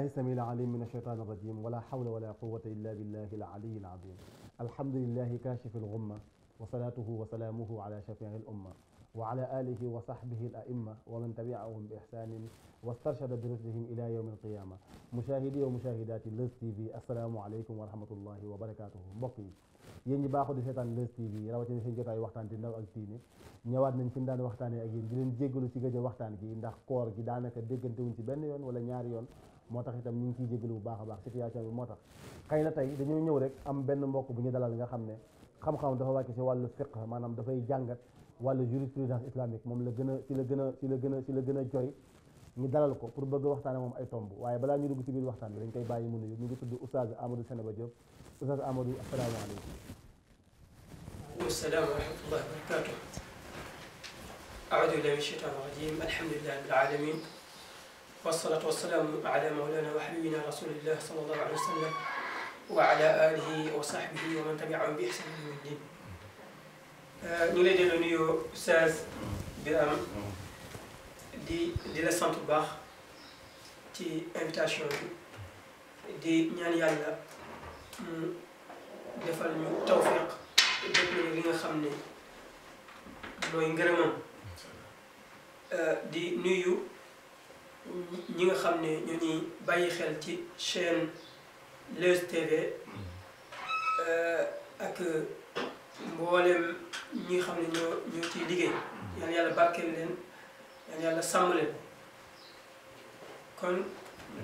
بالله السميع العليم من الشيطان الرجيم ولا حول ولا قوة إلا بالله العلي العظيم الحمد لله كاشف الغمة وصلاته وسلامه على شفيع الأمة وعلى آله وصحبه الأئمة ومن تبعهم بإحسان واسترشد برشدهم إلى يوم القيامة مشاهدي ومشاهدات لز تي في السلام عليكم ورحمة الله وبركاته mbokk yi yéen ñi baaxoo di seetaan Leuz TV rawatina seen jotaayu waxtaan te ndaw ak tiine ñëwaat nañ fi mu daan waxtaanee ak yéen di leen jéggalu ci gëj a waxtaan gi ndax koor gi daanaka déggante wuñ ci benn yoon wala ñaari yoon moo tax itam ñu ngi ciy jégalu bu baax a baax situation bi moo tax xëy na tey dañoo ñëw rek am benn mbokk bu ñu dalal nga xam ne xam-xam dafa wàcc si wàllu fiqh maanaam dafay jàngat wàllu jurisprudence islamique moom la gën a si la gën a si la gën a si la gën a joy ñu dalal ko pour bëgg waxtaane moom ay tomb waaye balaa ñu dugg si biir waxtaan bi dañ koy bàyyi mu nuyu ñu ngi tudd Oustaz Amadou Sénéba Diop Oustaz Amadou asalaamaaleykum waaleykum salaam wa rahmatullahi والصلاة والسلام على مولانا وحبيبنا رسول الله صلى الله عليه وسلم وعلى آله وصحبه ومن تبعهم بإحسان إلى الدين ñu ngi lay dellu nuyu Oustaz Birame di di la sant bu baax ci invitation bi di ñaan yàlla mu defal ñu tawfiq def nañu li nga xam ne mooy ngërëmam euh, di nuyu ñi nga xam ne ñu ñuy bàyyi xel ci chaîne Leuz TV euh, ak mboolem ñi nga xam ne ñoo ñoo liggéey yal yàlla barkeel leen yal yàlla sàmm leen kon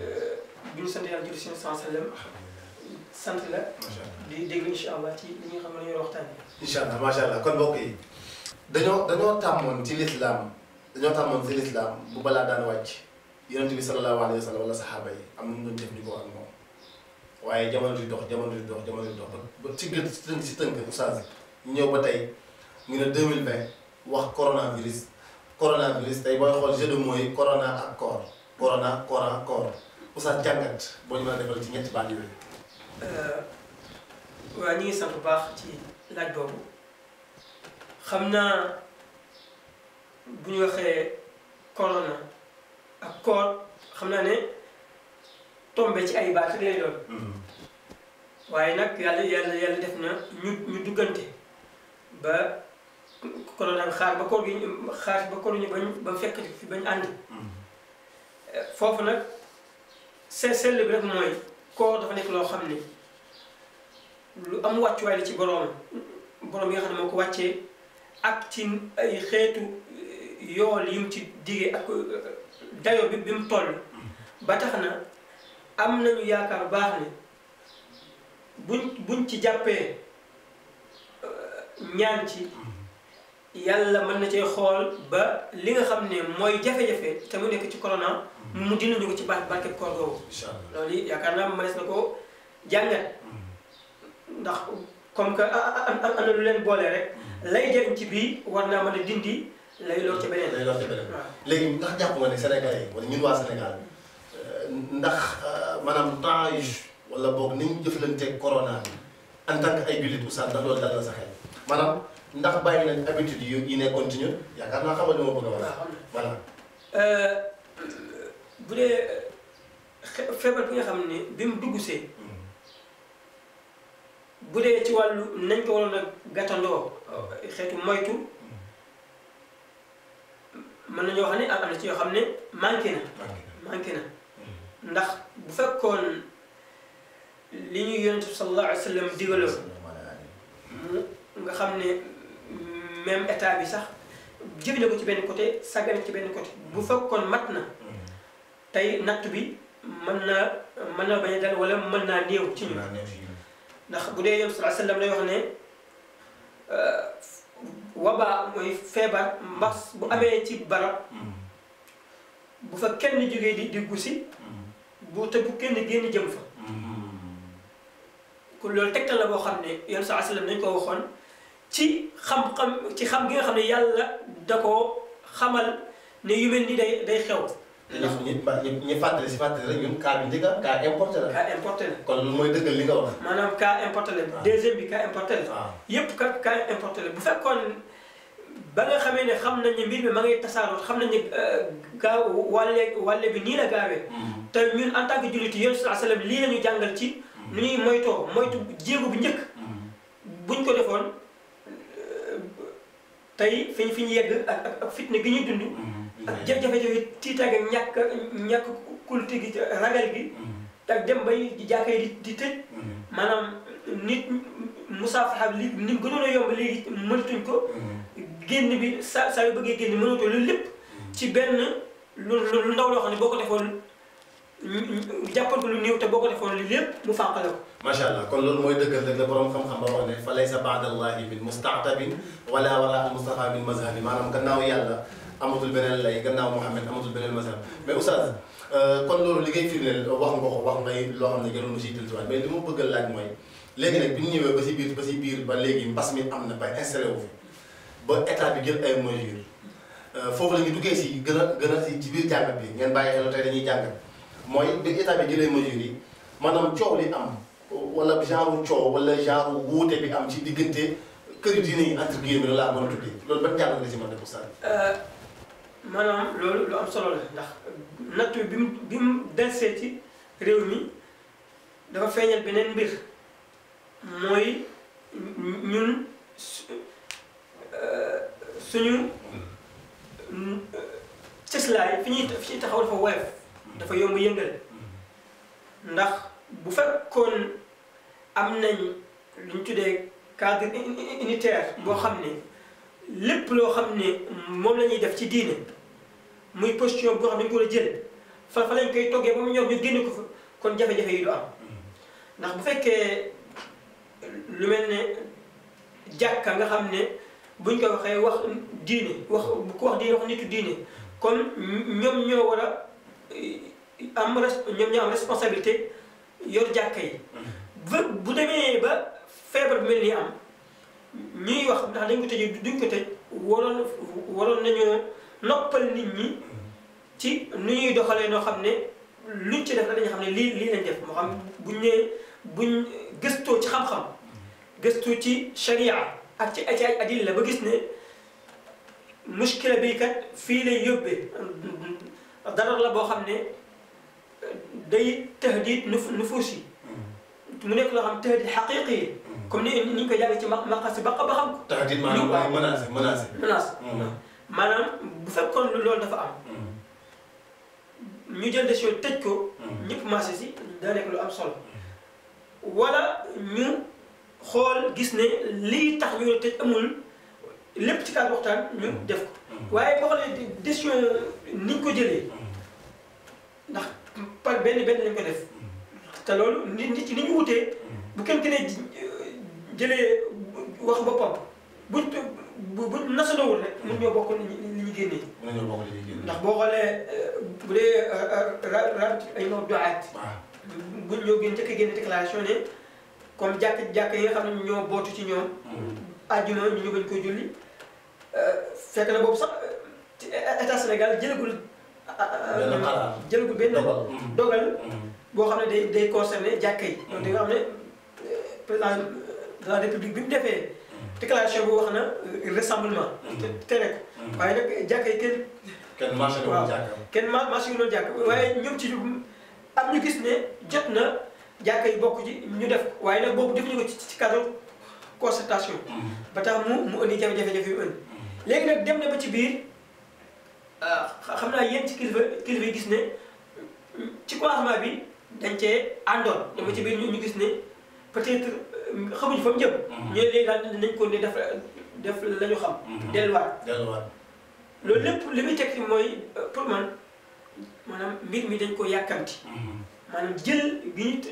euh, bu ñu sant yàlla jur seen sans sallam sant la di déglu incha allah ci li nga xam ne ñoo waxtaan bi incha allah macha allah kon mbokk yi dañoo dañoo tàmmoon ci lislaam dañoo tàmmoon ci lislaam bu balaa daan wàcc yonent bi sallallahu alayhi wa sallam wala am na waaye jamono di dox jamono di dox jamono di dox ba ci gën ci tënk ci tënk oustaz ñëw ba tey ñu ne 2020 wax coronavirus coronavirus tey booy xool jeu de mots yi corona corona koran koor jàngat boo ñu mën a defal ci ñetti baat yooyu. Euh, waaw ñu ngi sant baax ci laaj boobu xam naa bu ñu waxee corona. ak koor xam naa ne tombe ci ay baat lay doon mm-hmm. waaye nag yàlla yàlla yàlla def na ñu ñu duggante ba konoon nag xaar ba koor gi xaar ba ñu ba fekk fi bañ ànd mm-hmm. foofu nag se sell bi rek mooy koor dafa nekk loo xam ne lu am wàccuwaay la ci boroom boroom yi nga xam ne moo ko wàccee ak ci ay xeetu yool yi mu ci digee ak dayo bi bi mu toll ba tax na am nañu yaakaar baax ne buñ buñ ci jàppee euh, ñaan ci yàlla mën na cee xool ba li nga xam ne mooy jafe-jafe te mu nekk ci corona mu dinañu ko ci barke barkeb koor googu loolu yi yaakaar naa mënees na ko jàngat mm. ndax comme que am na lu leen boole rek mm. lay jëriñ ci bii war naa mën a dindi ci léegi ndax jàpp nga ne Sénégal yi wala ñun waa Sénégal euh, ndax euh, maanaam temps wala boog nañu jëflanteeg corona bi en tant que ay ndax loolu dal la sa xel maanaam ndax bàyyi nañ habitude yu yi ne continue yaakaar naa xamal li ma bëgg a wax voilà euh, bu dee feebar bi nga xam ni bi mu dugg see hmm. bu dee ci wàllu nañ ko waroon a gàttandoo oh. xeetu moytu mën nañoo wax ne am na ci yoo xam ne manqué na manqué na ndax bu fekkoon li ñuy yonent bi sallallahu alayhi wa sallam digaloo mu nga xam ne même état bi sax jëf na ko ci benn côté sàggan ci benn côté bu fekkoon mat na tey natt bi mën naa mën naa bañ a dal wala mën naa néew ci ñu ndax bu dee yonent bi sallallahu alayhi wa sallam day wabaa mooy feebar mbas bu amee ci barab mm-hmm. bu fa kenn jógee di di gusi mm-hmm. bu te bu kenn génn jëm fa mm-hmm. kon loolu tegtal la boo xam ne yoon saa sallam nañ ko waxoon ci xam-xam ci xam gi nga xam ne yàlla da koo xamal ne yu mel ni day day xew ndax ñi ñi ñi fàttali si fàttali rek ñun cas bi njëkk a cas importé la. cas importé la kon lu mooy dëggal li nga wax. maanaam cas importé ah. deuxième bi cas importé la. waaw ah. yëpp kat cas importé la ba nga xamee ne xam nañ ne mbir mi ma ngay tasaaroo xam nañ ne euh, gaaw wàlle wàlle bi nii la gaawee. Mm-hmm. te ñun en tant que jullit yéen sallallahu alayhi wasallam lii la ñu jàngal ci. Mm-hmm. nu ñuy moytoo moytu jéego bu njëkk. Mm-hmm. buñ ko defoon euh, tey fi ñu fi ñu yegg ak ak fitna gi ñuy dund. ak jafe-jafe yooyu tiitaange ñàkk ñàkk kulti gi ragal gi. Mm-hmm. ak dem bay jàkka yi di tëj. Mm-hmm. maanaam nit musaafaxa li ni gënoon a yomb léegi mënatuñ ko. Mm-hmm. génn bi sa saa yu bëggee génn mënatoo lu lépp. ci benn lu lu ndaw loo xam ne boo ko defoon jàppal ko lu néew te boo defoon li lépp mu fànqale ko. macha allah kon loolu mooy dëggal rek la borom xam-xam ba wax ne fa laysa baadallahi min mustaatabin wala wala al mustafa min mazhabi maanaam gannaaw amatul beneen lay gannaaw Mouhamed amatul beneen masal mais oustaz euh, kon loolu li ngay firndeel wax nga ko wax ngay loo xam ne gënoon na siy tëltuwaat mais li ma bëgg a laaj mooy léegi nag ñu ñëwee ba si biir ba si biir ba léegi mbas mi am na ba installé ba état bi jël ay mesures euh, foofu la ñu duggee gën a gën a si ci biir jàngat bi ngeen bàyyi xel tey dañuy jàngat mooy bi état bi maanaam coow li am wala genre coow wala genre wuute bi am ci diggante kër diine yi entre guillemets la laa mën a tuddee loolu ban jàngat la si mën a def maanaam loolu lu am solo la ndax nattu bi mu bi mu delsee réew mi dafa feeñal beneen mbir mooy ñun euh, suñu cëslaay fi ñuy fi ñuy taxaw dafa woyof dafa yomb yëngal ndax bu fekkoon am nañ lu tuddee cadre unitaire boo xam ne lépp loo xam ne moom la ñuy def ci diine muy position boo xam ne dañu ko war a jël fa fa lañ koy toggee ba mu ñor ñu génne ko fa kon jafe-jafe yi du am ndax bu fekkee lu mel ne jàkka nga xam ne buñ ko waxee wax diine wax bu ko wax diine wax nitu diine kon ñoom ñoo war a eh, am ñoom ñoo responsabilité yor jàkka yi. bu bu demee ba feebar bi mel ni am ñuy wax ndax dañ ko tëjee duñ ko tëj waroon waroon nañoo. noppal nit ñi ci nu ñuy doxalee noo xam ne lu ci def rek dañu xam ne lii lii lañ def moo xam buñ nee buñ gëstoo ci xam-xam gëstu ci sharia ak ci ay ay adil la ba gis ne muskila bi kat fii lay yóbbee dara la boo xam ne day tahdid nufuus yi mu nekk loo xam tahdid xaqiqi yi comme ni ni ñu ko jàng ci ma maqasi baqa a xam ko tahdid maanaam menace menace menace maanaam bu fekkoon loolu dafa am. Mm-hmm. ñu jël décision tëj ko. Mm-hmm. ñëpp marché si daa nekk lu am solo. wala ñu xool gis ne li tax ñu tëj amul lépp ci kaw waxtaan ñu mm-hmm. def ko. waaye boo xoolee des ni ñu ko jëlee. ndax par benn benn lañ ko def. te loolu nit ci ni ñu wutee. bu kenn keneen euh, jëlee wax boppam. bu buñ nasanawul rek mën ñoo bokk li ñu génnee. ndax boo xoolee euh, bu dee euh, euh, ra ra ay noo doyaat. waaw ah. buñ ñoo gën njëkk a génne déclaration ne comme jàkk jàkk yi nga xam ne ñoo bootu ci ñoom. Hmm. àjjuma ñu ñu bañ julli. fekk na boobu sax ci état Sénégal jëlagul. benn xalaat jëlagul benn dogal. Hmm. boo xam ne day day concerné jàkk yi. Hmm. donc di nga xam ne président de république bi mu defee. déclaration bi wax na euh, rassemblement. tere ko. Mm. waaye nag jàkka yi kenn. kenn marché wu doon jàkka kenn marché wu doon jàkka waaye ñoom ci am ñu gis ne jot na jàkka yi bokk ji ñu def waaye nag boobu defuñu ko ci cadre concertation. Mm. ba tax mu mu indi jafe-jafe yu ënn. Mm. léegi nag dem na ba ci biir euh, xam naa yéen ci kilifa kilifa yi gis ne ci commencement bi dañ cee àndoon. dama ci biir ñu gis ne peut xamuñ fa mu jëm. ñooñu mm-hmm. léegi daal dinañ ko ne def def la xam. Mm-hmm. delluwaat delluwaat. loolu lépp li muy teg mooy euh, pour man maanaam mbir mi dañ ko yàkkamti. Mm-hmm. maanaam jël bi ñu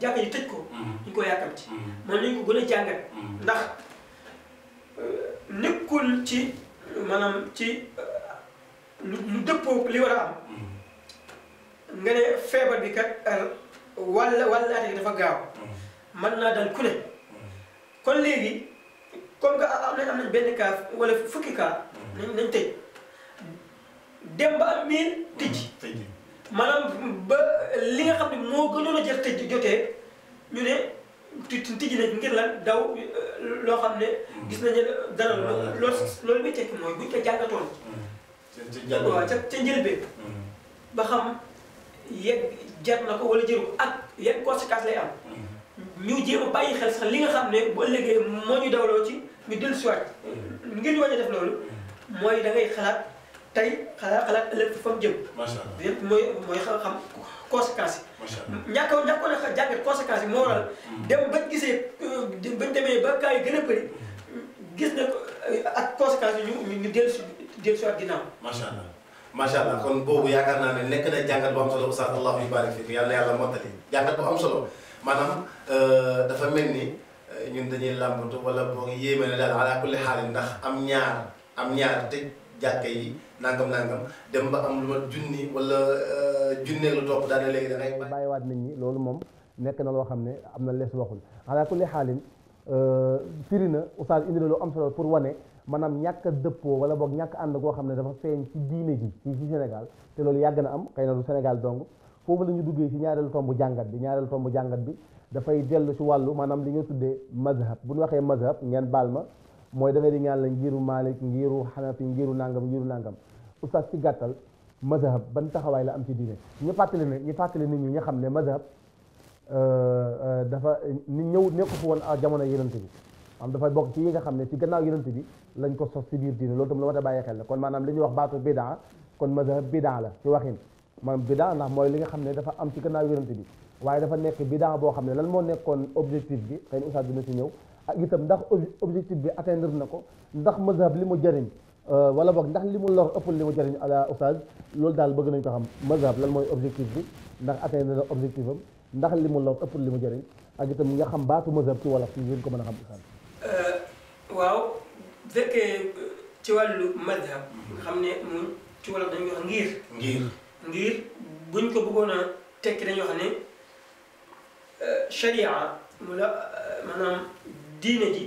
jàkka ji tëj ko. ñu ko yàkkamti. man nañu ko gën a jàngat. ndax euh, nekkul ci maanaam ci euh, lu dëppoo li war a am. nga ne feebar bi kat wàll wàll dafa gaaw. mën naa dal ku ne kon léegi comme que am nañ am nañ benn kaas wala fukki cas nañ nañ tëj dem ba am miin tëj maanaam ba li nga xam ne moo gënoon a jël jotee ñu ne tëj nañ ngir lan daw euh, loo xam ne gis nañu dara loolu loolu muy tekki mooy buñ ko jàngatoon waaw ca ca njëlbeen mm. ba xam yegg jar na ko wala jëru ko ak yan conséquence lay am mm. ñu jéem a bàyyi xel sax li nga xam ne bu ëllëgee moo ñu dawloo ci ñu dellu siwaat ngir ñu wañ def loolu mooy da ngay xalaat tey xalaat xalaat ëllëg fa mu jëm yëpp mooy mooy xam conséquences yi ñàkkoon ñàkkoon a jàngat conséquences yi moo mm. dem bañ gisee bañ demee ba kaa yi gën a bëri gis na ak conséquences yi ñu ñu dellu si dellu siwaat ginnaaw macha macha allah kon boobu yaakaar naa ne nekk na jàngat bu am solo oustaz allahu yubarik fiik yàlla yàlla mottali jàngat bu am solo maanaam euh, dafa mel ni euh, ñun dañuy làmbatu wala boog yéeme na daal ala kulli xaal ndax am ñaar am ñaar tëj jàkka yi nangam nangam dem ba am lu ma junni wala euh, junne lu topp daanaka léegi da ngay bàyyiwaat nit ñi loolu moom nekk na loo xam ne am na lees waxul ala kulli xaalin firi na oustaz indi lu am solo pour wane maanaam ñàkk a dëppoo wala boog ñàkk ànd koo xam ne dafa feeñ ci diine ji ci Sénégal te loolu yàgg na am xëy na du Sénégal dong foofu la ñu duggee ci ñaareelu tomb jàngat bi ñaareelu tomb jàngat bi dafay dellu ci wàllu maanaam li nga tuddee mazhab bu ñu waxee mazhab ngeen baal ma mooy da nga di ñaan la ngiru Malik ngiru Hanafi ngiru nàngam ngiru nangam oustaz ci gàttal mazhab ban taxawaay la am ci diine ñu fàttali ne ñu fàttali nit ñi nga xam ne mazhab euh, euh, dafa ni ñëw nekku fi woon jamono yonent bi am dafa bokk ci yi nga xam ne ci gannaaw yonent bi lañ ko sos ci biir diine loolu tam lu bàyyi xel la kon maanaam li ñuy wax baatu bidaa kon mazhab bidaa la ci waxin maanaam bidaa ndax mooy li nga xam ne dafa am ci gannaaw yonent bi waaye dafa nekk bidaa boo xam ne lan moo nekkoon objectif bi xëy na oustaz dina si ñëw ak itam ndax objectif bi atteindre na ko ndax mazhab li mu jëriñ euh, wala boog ndax li mu lor ëppul li mu jëriñ ala oustaz daal bëgg nañ ko xam mazhab lan mooy objectif bi ndax atteindre na objectif am ndax li mu lor ëppul li mu jëriñ ak itam nga xam baatu mazhab ci wolof ci ngeen ko mën a xam oustaz euh, waaw fekkee ci wàllu mazhab xam ne moom ci wolof dañ wax ngir ngir ngir buñ ko bëggoon a tekki dañuy ne euh, sharia mu la euh, maanaam diine ji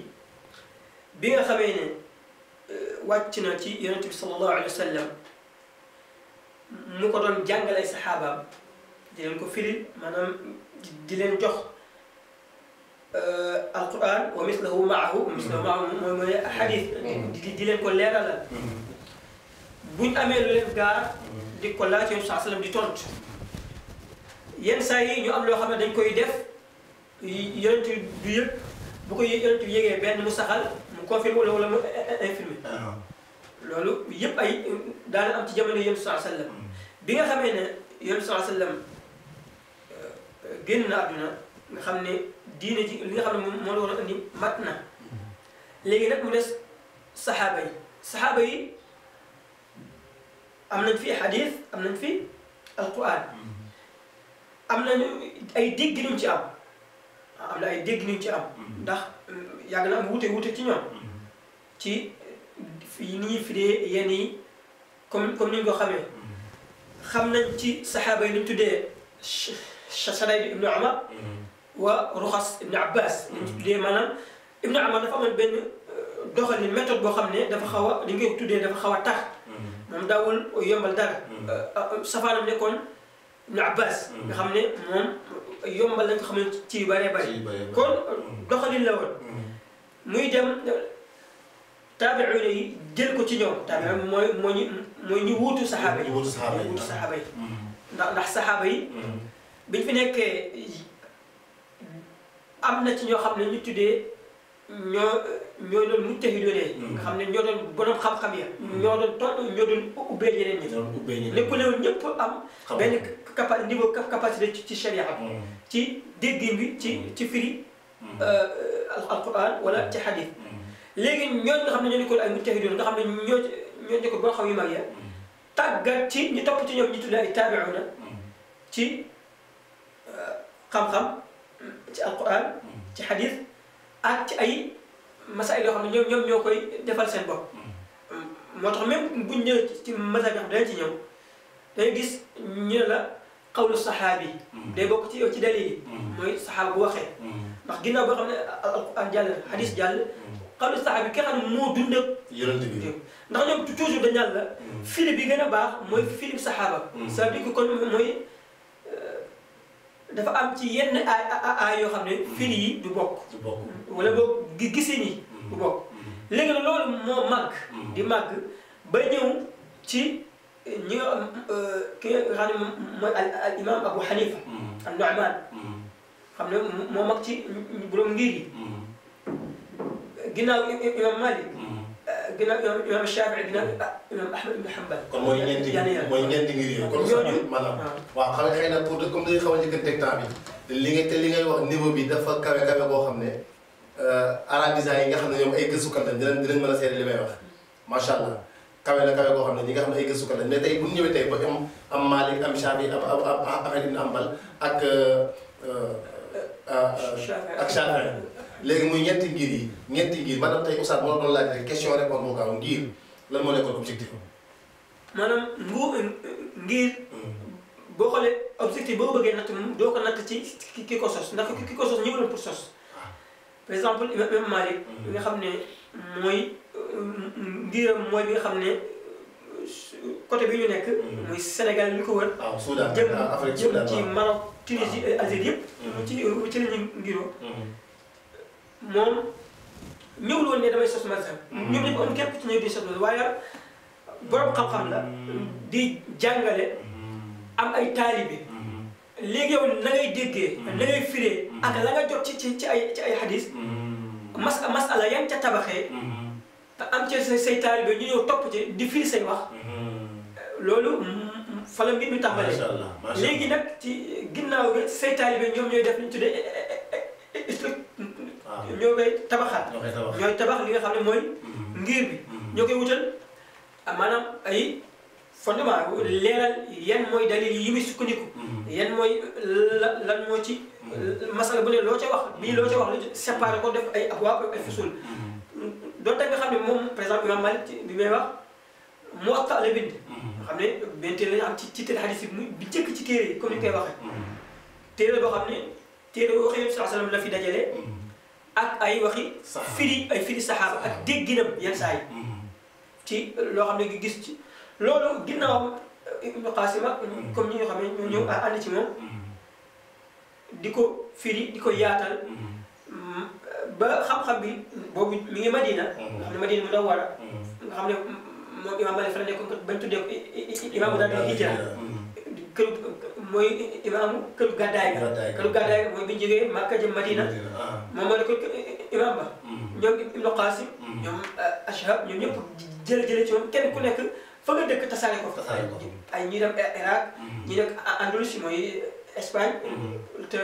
bi nga xamee ne euh, wàcc na ci yonente bi mu ko doon jàngalee saxaabaam di leen ko firil maanaam di leen jox alquran wa mislahu maahu mislahu maahu mooy mooy xadis mm-hmm. di leen ko leeralal mm-hmm. buñ amee lu leen gaar di ko laaj yow saa salaam di tontu yenn saa yi ñu am loo xam ne dañ koy def yonent du yëg bu ko yonent bi yëgee benn mu saxal mu confirmé wala wala mu infirmé loolu yëpp ay daana am ci jamono yonent saa sallam bi nga xamee ne yonent saa sallam euh, génn na àdduna nga xam ne diine ji li nga xam ne moom moo la war a indi mat na léegi rek mu des saxaaba yi saxaaba yi am na nañ fi hadith am nañ fi alquran am nañu ay dégg ñu ci am am na ay dégg ñu ci am ndax mm, yàgg na am wute wute ci ñoom ci ni ñuy firee yenn yi comme comme ni ñu ko xamee xam nañ ci saxaaba yi ñu tuddee Sharayd ibnu Umar wa Ruxas ibnu Abbas ñu tuddee maanaam ibnu Umar dafa amoon benn euh, doxalin méthode boo xam ne dafa xaw a li tuddee dafa xaw a tax moom daawul yombal dara. Mm. Euh, euh, euh, safaanam nekkoon Ibnu Abbas. Mm. nga xam ne moom yombal lañ ko xam ne ci yu bëree bëri. kon mm. doxalin la woon. muy dem taabi'uuna yi jël ko ci ñoom. taabi'uuna mooy moo ñu mooy ñu wuutu saxaaba yi. ñu wuutu saxaaba yi ndax ndax saxaaba yi. biñ fi nekkee am na ci ñoo xam ne ñu tuddee ñoo. ñoo doon mu tëgi doonee nga mm. xam ne ñoo doon borom xam-xam ya mm. ñoo doon toll ñoo doon ubbee ñeneen ñi lëkkalewul ñëpp am benn capa niveau capacité ci charia mm. ci déggin bi ci ci firi euh, euh, alquran wala ci hadith léegi ñooñu nga xam ne ñoo nekkoon ay mujtahidoon nga xam ne ñoo ñoo nekkoon boo xam yu mag ya tàggat ci ñu topp ci ñoom ñu tudd ay taabiuna ci euh, xam-xam ci alquran ci hadith ak ci ay masaay yoo xam ne ñoom ñoom ñoo koy defal seen bopp moo tax même bu ñëwee ci masaay yoo xam dañ ci ñëw day gis ñu la xawlu saxaabi mm-hmm. day bokk ci ci dalil yi mm-hmm. mooy saxaaba bu waxee mm-hmm. ndax ginnaaw boo xam ne alquran jàll hadis jàll xawlu saxaabi ki xam ne moo dund ak yonent bi ndax a baax mooy film saxaaba ça veut dire que dafa am ci yenn ay yoo xam ne firi yi du bokk wala boog gisin yi mm. du bokk mm. léegi nag loolu moo màgg mm. di màgg ba ñëw ci eh, ñi nga euh, ki nga mooy al imam Abu Hanifa an Nu'man xam ne moo mag ci borom ngir yi ginnaaw imam Malik dina yoonu yoonu Shaafi'i dina imaam ah Ahmad ibn Hanbal. kon mooy ñeenti mooy ñeenti ngir yooyu. kon sax maanaam. waaw xam nga xëy na pour comme dañuy xaw a njëkkanteeg temps bi. li nga te li ngay wax niveau bi dafa kawe kawe boo xam ne euh, arabisants yi nga xam ne ñoom ay gëstukat lañ dinañ dinañ mën a seede li may wax macha allah. kawe na kawe boo xam ne ñi nga xam ne ay gëstukat lañ mais tey bu ñu ñëwee tey ba am am Malik am Shaafi am am Ahmad ibn Hanbal ak. Euh, euh, ak Shaafi'i léegi muy ñetti ngir yi ñetti ngir maanaam tey oustaz moo doon laaj rek question réponse moo gaaw ngir lan moo nekkoon objectif maanaam mbu ngir boo xoolee objectif boo bëggee natt moom doo ko natt ci ki ko sos ndax ki ko sos ñëwaloon pour sos par exemple imam Malik bi nga xam ne mooy ngiram mooy bi nga xam ne côté bi ñu nekk muy ko wër ah, jëm jëm ci Maroc Tunisie ah. Algérie yëpp mm-hmm. ci ci la moom ñëwul woon ne damay sos mazhab. ñu dañu ko am képp ci ñëw di sos mazhab waaye borom xam-xam la. Mm. di jàngale. Mm. am ay taalibe. Mm. léegi yow na ngay déggee. na ngay firee ak nga jot ci ci ci ay ci ay hadis. mas masala yan ca tabaxee. te am ci say say ñu ñëw topp ci di firi say wax. loolu fa la ñu mi tàmbalee. macha léegi nag ci ginnaaw bi say taalibe ñoom ñooy def li ñu tuddee. Eh, eh, eh, ñoo koy tabaxaat ñooy tabax li nga xam ne mooy mm-hmm. ngir bi mm-hmm. ñoo koy wutal ah, maanaam ay fondement leeral yan mooy dalil yi muy sukkandiku mm-hmm. yan mooy la lan moo ci masala bu ne loo ca wax bii loo ca wax lu séparé ko def ay abwaab ay fusul donte nga xam ne moom par exemple imam Malik bi may wax Muwatta la bind xam ne benn téere lañu am ci ci téere bi muy ci téere yi comme ni ñu koy waxee téere boo xam ne téere boo xëy sallam la fi dajale ak ay waxi. firi ay firi saxaaba ak dégginam yenn saa yi. ci loo xam ne gi gis ci loolu ginnaawam Ibnu Qaasima comme ñi nga xam ne ñoo ñëw ànd ci moom. di ko firi ba xam bi boobu mi ngi Madina. nga xam ne Madina mu daw war a. nga xam ne moom imaam Maalik a la nekkoon bañ tuddee imaamu daal di hijra. kër mooy imaamu këru gàddaay. këru gàddaay mooy bi ñu jógee Màkka jëm Madina. Ah. moom moo nekkoon imam ba mm-hmm. ñoom ibnu qasim mm-hmm. ñoom euh, ashab ñoom ñëpp jële jële ci moom kenn ku nekk fa nga dëkk tasaare ko ay ñi dem Irak mm-hmm. ñi nekk Andalousie mooy Espagne te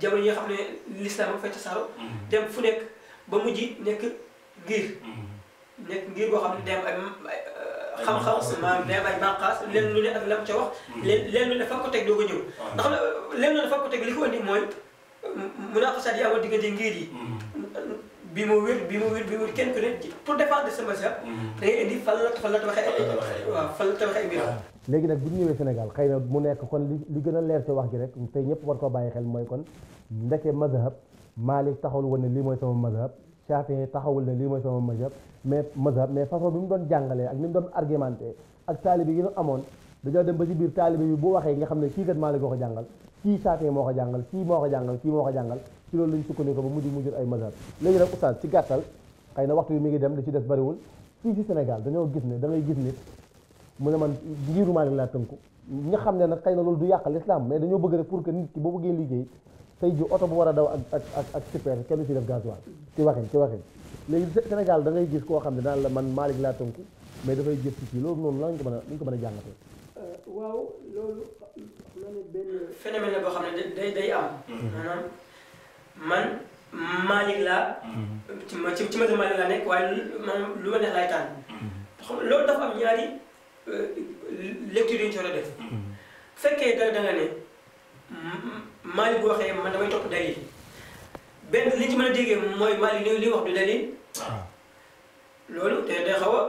jamono yi xam ne l'islam a fay tasaaro dem fu nekk ba mujj nekk ngir nekk ngir boo xam ne dem ay xam-xam maanaam dem ay banqaas leen lu ne ak lam ca wax leen lu ne fa ko teg doo ko ñëw ah. ndax leen lu ko teg li ko indi mooy munaafasaat yi amoon diggante ngir yi. Mm-hmm. bi ma wér bi ma wér bi ma wér kenn ku ne pour défendre sa mazhab. Mm-hmm. da ngay indi fan la fan la tabaxee léegi nag bu ñëwee Sénégal xëy na mu nekk kon li li gën a leer ci wax ji rek tey ñëpp war koo bàyyi xel mooy kon ndeke mazhab Malik taxawul woon ne lii mooy sama mazhab Shafi'i taxawul ne lii mooy sama mazhab mais mazhab mais façon bi mu doon jàngalee ak ni mu doon argumenté ak taalibe yi ñu amoon dañoo dem ba ci biir taalibe bi bu waxee nga xam ne kii kat Maalik ko ko jàngal kii Saafi moo ko jàngal kii moo ko jàngal kii moo ko jàngal ci loolu lañ sukkandiku ba mujj mu jur ay mazhab léegi nag oustaz ci gàttal xëy na waxtu bi ngi dem li ci des bariwul fii ci ne da ngay gis man na loolu du yàq l'islam mais dañoo bëgg pour que nit ki boo bëggee liggéey tey ji oto bu a daw ak ci def léegi Sénégal gis koo xam ne daal la man Maalik laa tënku mais dafay jëf ci loolu noonu lan ko mën a lañ ko mën a jàngatee Euh, waaw loolu xam ne benn. phénomène la boo xam ne day day am. Mm-hmm. maanaam man Malick laa. Mm-hmm. ci ma ci ma Malick laa nekk waaye lu ma def laay tànn. Mm-hmm. loolu dafa am ñaari euh, lecture yu ñu ci war a def. bu fekkee da nga ne Malick bu waxee man damay topp dalil benn li ci mën a déggee mooy Malick li li wax du dalil. Ah. loolu te day xaw a.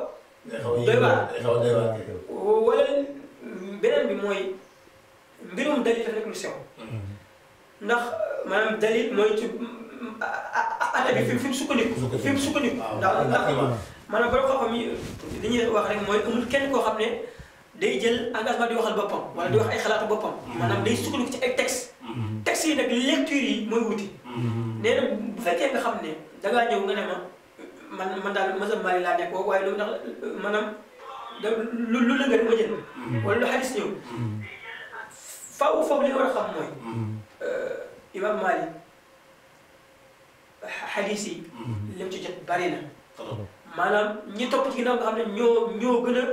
day xaw a doy waar wala. beneen bi mooy mbirum dalil dafa nekk lu sew. ndax maanaam dalil mooy ci atte bi fi fi mu sukkandiku. fi mu sukkandiku ndax ndax maanaam borom xam-xam li ñuy wax rek mooy amul kenn koo xam ne day jël engagement di waxal boppam di wax ay xalaatu boppam. Mm-hmm. maanaam day sukkandiku ci ay texte. Mm-hmm. texte yi nag lecture yi mooy wuti. Mm-hmm. nee na bu fekkee nga xam ne da ngaa ñëw nga ne ma man man daal mazhab Maalik laa nekk waaye loolu ndax maanaam. lu lu lënga di ko jël mm. wala lu xadis ñëw mm. faaw foofu li nga war a xam mooy mm. euh, imam Malik xadis yi li mu ci jot bari maanaam ñi topp ci na nga xam ne ñoo ñoo gën a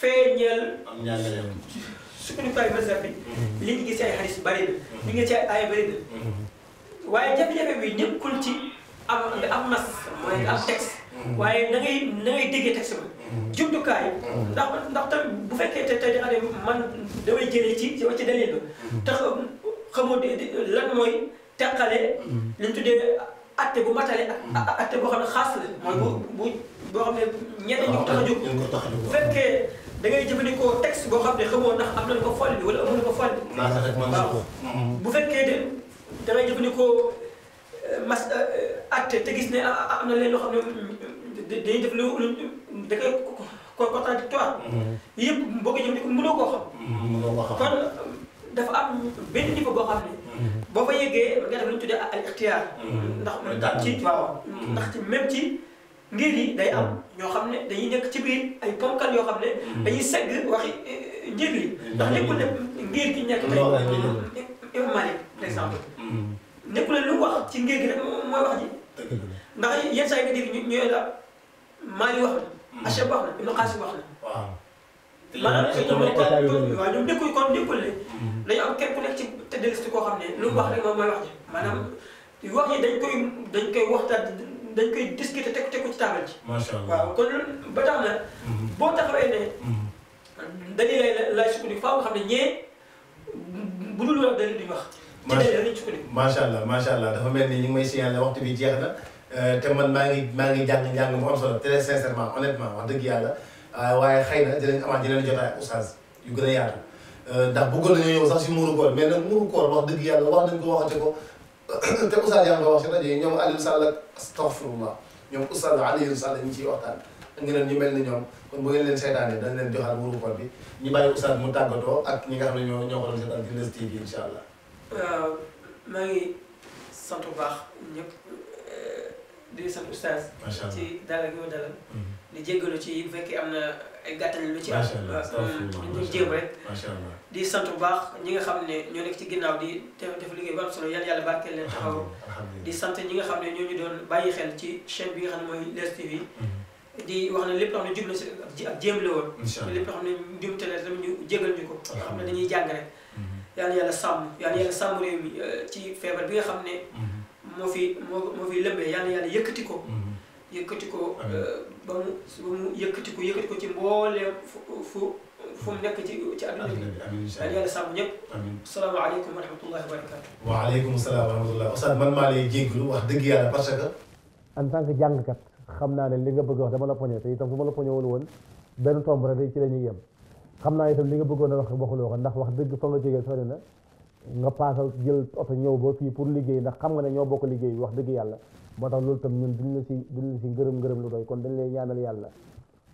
feeñeel sukkandikuwaay mazhab bi li gis ay xadis bari na li nga ci ay bari na waaye jafe-jafe bi nekkul ci am am nas mooy am texte waaye na ngay na ngay déggee texte ba jumtukaay ndax ndax tamit bu fekkee te tey man damay jëlee ci ci ci dalil tax xamoo lan mooy teqale li ñu tuddee atte bu matale ak atte boo xam ne xaas la mooy bu bu xam ne ñeneen ñu ko tax a jóg bu fekkee da ngay jëfandikoo texte boo xam ne xamoo ndax am na lu ko folli bi wala amul lu ko folli bi bu fekkee de da ngay jëfandikoo euh, mas euh, atte te gis ne ah, ah, am na leen loo xam ne mm, mm, mm, dañuy def lu ko da koy contradictoire. Mm-hmm. yëpp boo ko jëfandikoo mënoo koo xam. Mm-hmm, mënoo koo xam kon dafa am benn niveau boo xam ne. Mm-hmm. boo fa yeggee nga def lu ñu tuddee al ixtiyaar. ndax ndax ci waaw ndax ci même ci. ngir yi day am ñoo xam ne dañuy nekk ci biir ay ponkal yoo xam ne. dañuy segg waxi eh, ngir yi. ndax nekkul ne ngir gi nekk tey. Eh, Imam Malik par exemple. nekkul ne lu wax ci ngir gi rek mooy wax ji. ndax yenn saa yi nga dégg ñu la Mali wax Achab wax na Ibnu Xaasim wax na. waaw maanaam ah. ci ñoom état waaw ñoom dëkkul kon dëkkul ne. Mhm. dañu am képp ku nekk ci tëdd liste koo xam ne. lu mu wax rek moom mooy wax ji. maanaam mhm. wax yi dañ koy dañ koy waxtaan dañ koy discuter teg teg ko ci taabal ji. macha allah waaw kon ba tax na. Mhm. boo taxawee ne. dañuy lay lay sukkandiku faaw nga xam ne ñee bu dul wax dañu di wax. macha allah ci dañuy sukkandiku. macha allah macha allah dafa mel ni ñu ngi may signaler waxtu bi jeex na. Euh, te man maa ngi maa ngi jàng njàng mu am solo très sincèrement honnêtement wax dëgg yàlla euh, waaye xëy na dinañ amaat yeneen jotaay ak yu gën a yaatu euh, ndax bëggoon nañu ñëw sax si muuru koor mais nag muuru koor wax dëgg yàlla wax nañ ko waxate ko te oustaz yaa ngi ko wax si rajo yi ñoom Aliou Sall ñu ciy waxtaan ngi leen ñu mel ni ñoom kon bu ngeen leen seetaanee dañ leen joxaat muuru koor bi ñu bàyyi oustaz mu tàggatoo ak ñi nga xam ne ñoo ñoo a doon allah waaw maa ngi sant di sant oustaz. ci dalal gi ma dalal. Mm-hmm. di jégalu ci bu fekkee am na ay ci am. macha allah jéem rek. di sant bu baax ñi nga xam ne ñoo nekk ci ginnaaw di def liggéey bu am solo yàlla yàlla barkeel ñi nga xam ne ñoo ñu doon bàyyi xel ci chaîne bi nga xam ne mooy Leuz TV. Mm-hmm. di wax ne lépp loo xam ne na si ak jéem la woon. lépp loo xam ne njumte la tamit ñu jégal ñu ko. xam ne dañuy jàng rek. Mm-hmm. yàlla yàlla sàmm yàlla yàlla sàmm réew mi euh, ci feebar bi nga xam ne moo fi moo moo fi lëmbee yàlla yàlla yëkkati ko. Mhm. yëkkati ko euh, ba ko ci mbooleem fu fu nekk ci ci àdduna bi. amiin amiin yàlla sàmm ñëpp. wa rahmatullahi wa barakaatu. waaleykum salaam wa rahmatulah Oustaz man maa lay wax dëgg yàlla parce que. en tant que jàngkat xam naa ne bëgg wax dama la poñe te itam su ma la poñe woon woon benn tomb rek ci la ñuy yem xam naa itam li nga bëggoon a wax waxuloo ko ndax wax dëgg fa nga jógee sori na nga paasal jël oto ñëw ba fii pour liggéey ndax xam nga ne ñoo bokk liggéey wax dëgg yàlla moo tax loolu tam ñun duñ la si duñ la si ngërëm ngërëm lu doy kon dañ lay ñaanal yàlla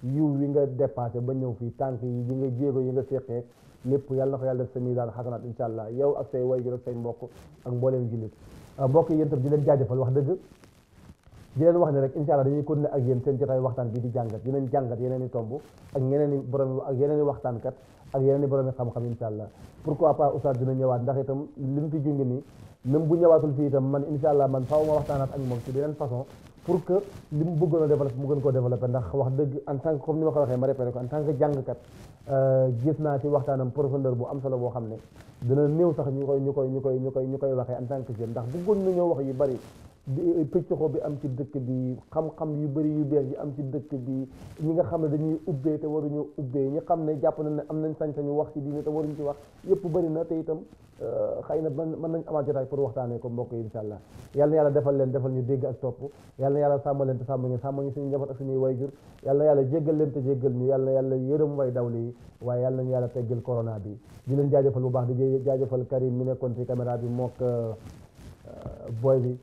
yiw wi nga dépassé ba ñëw fii tànk yi yi nga jéego yi nga séqee lépp yàlla na ko yàlla def sa miisaan xasanaat incha allah yow ak say way jur ak say mbokk ak mbooleem jullit ah, mbokk yéen tam di leen jaajëfal wax dëgg di leen wax ne rek incha allah dañuy continuer ak yéen seen jotaay waxtaan bi di jàngat yeneen jàngat yeneen i tomb ak yeneen i borom ak i waxtaankat ak yenn i borom xam-xam incha allah pourquoi pas oustaz dina ñëwaat ndax itam li mu fi jungi nii même bu ñëwaatul fii itam man incha allah man faaw ma waxtaanaat ak moom ci beneen façon pour que li mu bëggoon a développé mu gën koo développé ndax wax dëgg en tant que comme ni ma ko waxee ma répété ko en tant que jàngkat euh, gis naa ci waxtaanam profondeur bu am solo boo xam ne dina néew sax ñu koy ñu koy ñu koy ñu koy ñu koy waxee en tant que jeune ndax bëggoon Eh, pëccoxoo bi am ci dëkk bi xam-xam yu bëri yu bees yi am ci dëkk bii ñi nga xam ne dañuy ubbee te waruñu ubbee ñi xam ne jàpp na ne am nañ sañ-sañu wax ci diine te waruñu ci wax yëpp bari na te itam euh, xay na mën nañ amaat jotaay pour waxtaanee ko mbokk yi incha allah yal na yàlla defal leen defal ñu dégg ak topp yal na yàlla sàmm leen te sàmm ñu sàmm ñu suñu njaboot ak suñuy wayjur yal na yàlla jéggal leen te jéggal ñu yal na yàlla yërëm way dawli yi waaye yal nañu yàlla teggal bi di leen jaajëfal bu baax di jaajëfal Karim mi nekkoon ci caméra bi mook euh, euh, boy bi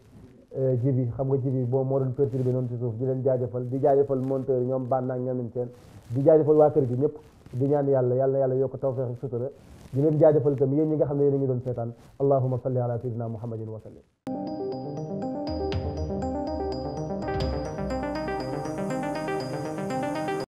Eh, jibi xam nga jibi boo moo doon perturbé noonu ci suuf di leen jaajëfal di jaajëfal monteur yi ñoom bànn ak ñoomin seen di jaajëfal waa kër gi ñëpp di ñaan yàlla yàlla yàlla yokk tawfeex sutura di leen jaajëfal itam ñi nga xam ne yéen a ngi doon seetaan allahuma salli ala sayyidina muhammadin wa sallim